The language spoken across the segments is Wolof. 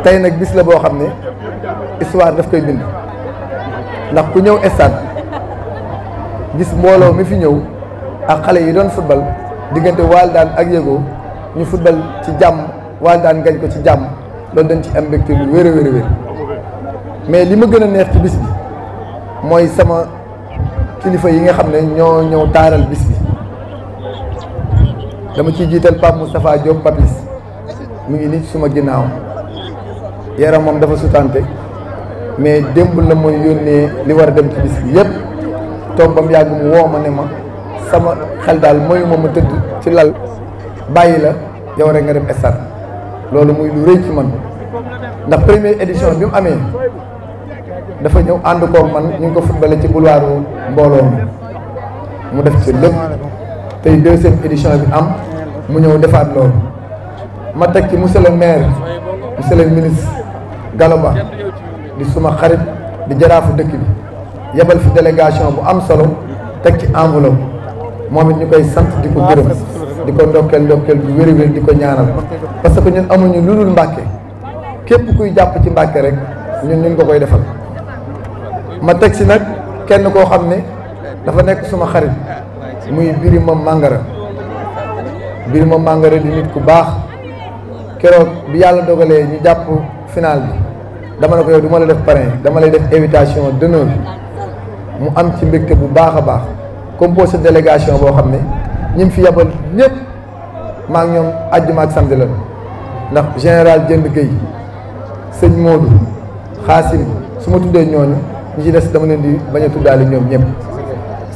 tey nag bis la boo xam ne histoire daf koy bind ndax ku ñëw stade gis mbooloo mi fi ñëw ak xale yi doon football diggante waal daan ak yëgoo ñu football ci jàmm waal daan gañ ko ci jàmm loolu dañ ci am bu wér a wér wér mais li ma gën a neex ci bis bi mooy sama kilifa yi nga xam ne ñoo ñëw taaral bis bi dama ciy jiital Pape Moustapha Diop Papis mu ngi nii suma ginnaaw yaram moom dafa sutante mais démb na mooy yónnee li war a dem ci bis bi yëpp toog ba mu yàgg mu woo ma ne ma sama xel daal mooy moom ma tëdd ci lal bàyyi la yow rek nga dem estar loolu muy lu rëy ci man ndax première édition bi mu amee dafa ñëw ànd koog man ñu ngi ko footballé ci boulevard mbooloo mi mu def ci lépp tey deuxième édition bi am mu ñëw defaat loolu ma teg ci monsieur le maire monsieur ministre Galamba di suma xarit di jaraafu dëkk bi yebal fi délégation bu am solo teg ci enveloppe moom it ñu koy sant di ko gërëm di ko ndokkeel ndokkeel bu wéri wéri di ko ñaanal parce que ñun ñu lu dul Mbàkke képp kuy jàpp ci Mbàkke rek ñun ñu ko koy defal ma teg si nag kenn koo xam ne dafa nekk suma xarit muy Birima Mangara Birima Mangara di nit ku baax keroog bi yàlla dogalee ñu jàpp final bi dama ne ko yow du ma la def parrain dama lay def invitation d'honneur mu am ci mbégte bu baax a baax composé délégation boo xam ne ñi fi yabal ñëpp maa ngi ñoom àjjuma ak samedi la ndax général Jënd Gueye sëñ Modou Xaasim su ma tuddee ñooñu ñi ci des dama leen di bañ a tuddaale ñoom ñëpp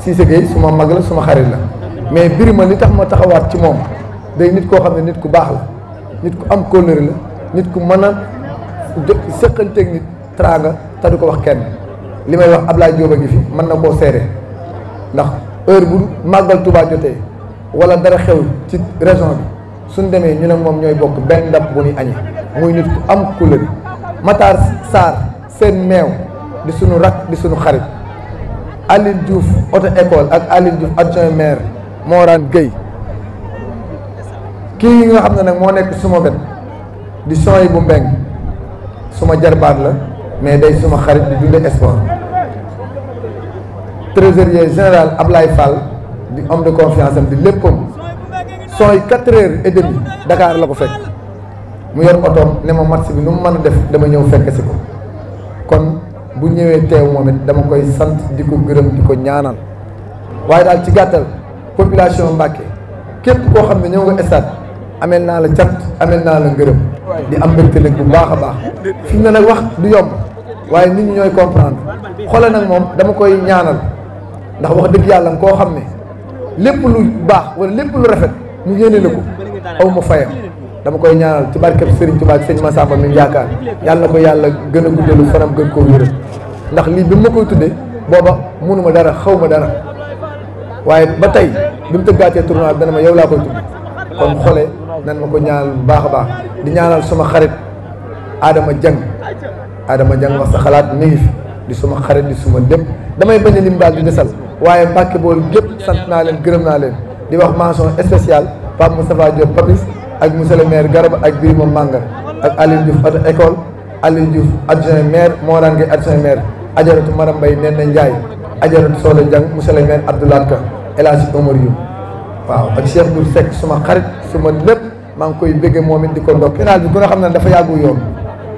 Cissé Gueye su mag la suma xarit la mais Birima li tax ma taxawaat ci moom day nit koo xam ne nit ku baax la nit ku am kóllëre la nit ku mën a sëqanteeg nit teraanga te du ko wax kenn li may wax Ablaye Diop a fi mën na koo seere ndax heure bu màggal Touba jotee wala dara xew ci région bi suñ demee ñu ne moom ñooy bokk benn ndab bu ñuy añee muy nit ku am couleur Matar Sarr seen meew di suñu rak di suñu xarit Aline Diouf auto école ak Aline Diouf adjoint maire Morane Gueye kii yi nga xam ne nag moo nekk suma wet di son yi bu mbeng suma jarbaat la mais day suma xarit di dundee sport trésorier général Ablaye Fall di homme de confiance am di léppam sooy quatre heures et demi Dakar la ko fekk mu yor otoom ne ma match bi nu mu mën a def dama ñëw fekk si ko kon bu ñëwee teew moom it dama koy sant di ko gërëm di ko ñaanal waaye daal ci gàttal population Mbacké képp koo xam ne ñëw nga stade amel naa la cant amel naa la ngërëm di am mbégte nag bu baax a baax fi na a wax du yomb waaye nit ñooy comprendre xoolal nag moom dama koy ñaanal ndax wax dëgg yàlla koo xam ne lépp lu baax wala lépp lu rafet ñu yéene la ko aw ma fayam dama koy ñaanal ci barkeb Serigne Touba ak sëñ Massamba mi yaakaar yàlla ko yàlla gën a guddalu fanam gën koo wéral ndax lii bi ma koy tuddee booba munuma dara xaw ma dara waaye ba tey bi mu tëggaatee tournoi ma yow laa koy nan ma ko ñaanal bu baax a baax di ñaanal suma xarit Adama jàng Adama Dieng wax sa xalaat mi ngi di suma xarit di suma lépp damay bañ a lim daal di desal waaye Mbàkke bool gépp sant naa leen gërëm naa leen di wax mention spéciale Pape Moustapha Diop Papis ak monsieur le maire Garaba ak Birima Manga ak Aliou Diouf at école Aliou Diouf adjoint maire moo daan ngay adjoint maire ajaratu Maram Mbaye nen na Ndiaye ajaratu Soxla Dieng monsieur le maire Abdoulaye Ka El Hadj Omar Youm waaw ak Cheikh Diouf Seck suma xarit suma lépp maa ngi koy bëgge moom it di ko ndokk final bi gën a xam ne dafa yàggu yoon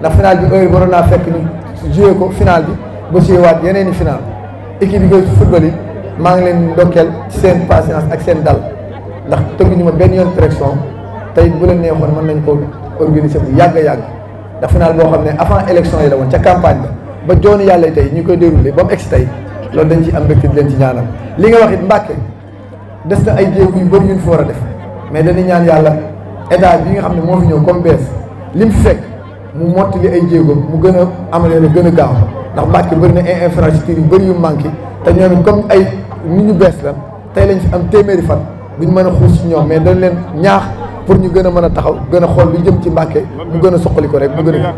ndax final bi heure waroon naa fekk ñu joué ko final bi ba joué waat yeneen i final bi yi koy football yi maa ngi leen ndokkeel ci seen patience ak seen dal ndax tëgguñu ma benn yoon pression tey bu leen neexoon mën nañ ko organiser bu yàgg a yàgg ndax final boo xam ne avant élection yi la woon ca campagne ba ba jooni yàlla tey ñu koy déroulé ba mu egsi tey loolu dañ ci am mbégte di leen ci li nga wax it Mbàkke des ay jéego yu bëri yu ñu war a def mais dañuy ñaan yàlla état bi nga xam ne moom fi ñëw comme bees li mu fekk mu mottali ay jéego mu gën a amalee lu gën a gaaw ndax Mbàkke bëri na ay infrastructure yu bëri yu manqué te ñoom comme ay nit ñu bees la tey lañ fi am téeméeri fan duñ mën a xuus ci ñoom mais dañ leen ñaax pour ñu gën a mën a taxaw gën a xool lu jëm ci Mbàkke mu gën a suqali ko rek mu gën a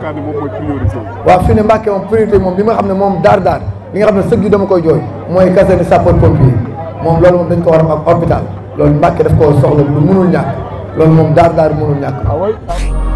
waaw fi ne Mbàkke moom priorité moom li ma xam ne moom daar daar li nga xam ne sëg yu dama koy jooy mooy caserne sapeur pompier moom loolu moom ko war a am ak loolu Mbàkke daf ko soxla lu mënul loolu moom daar daar mënul ñàkk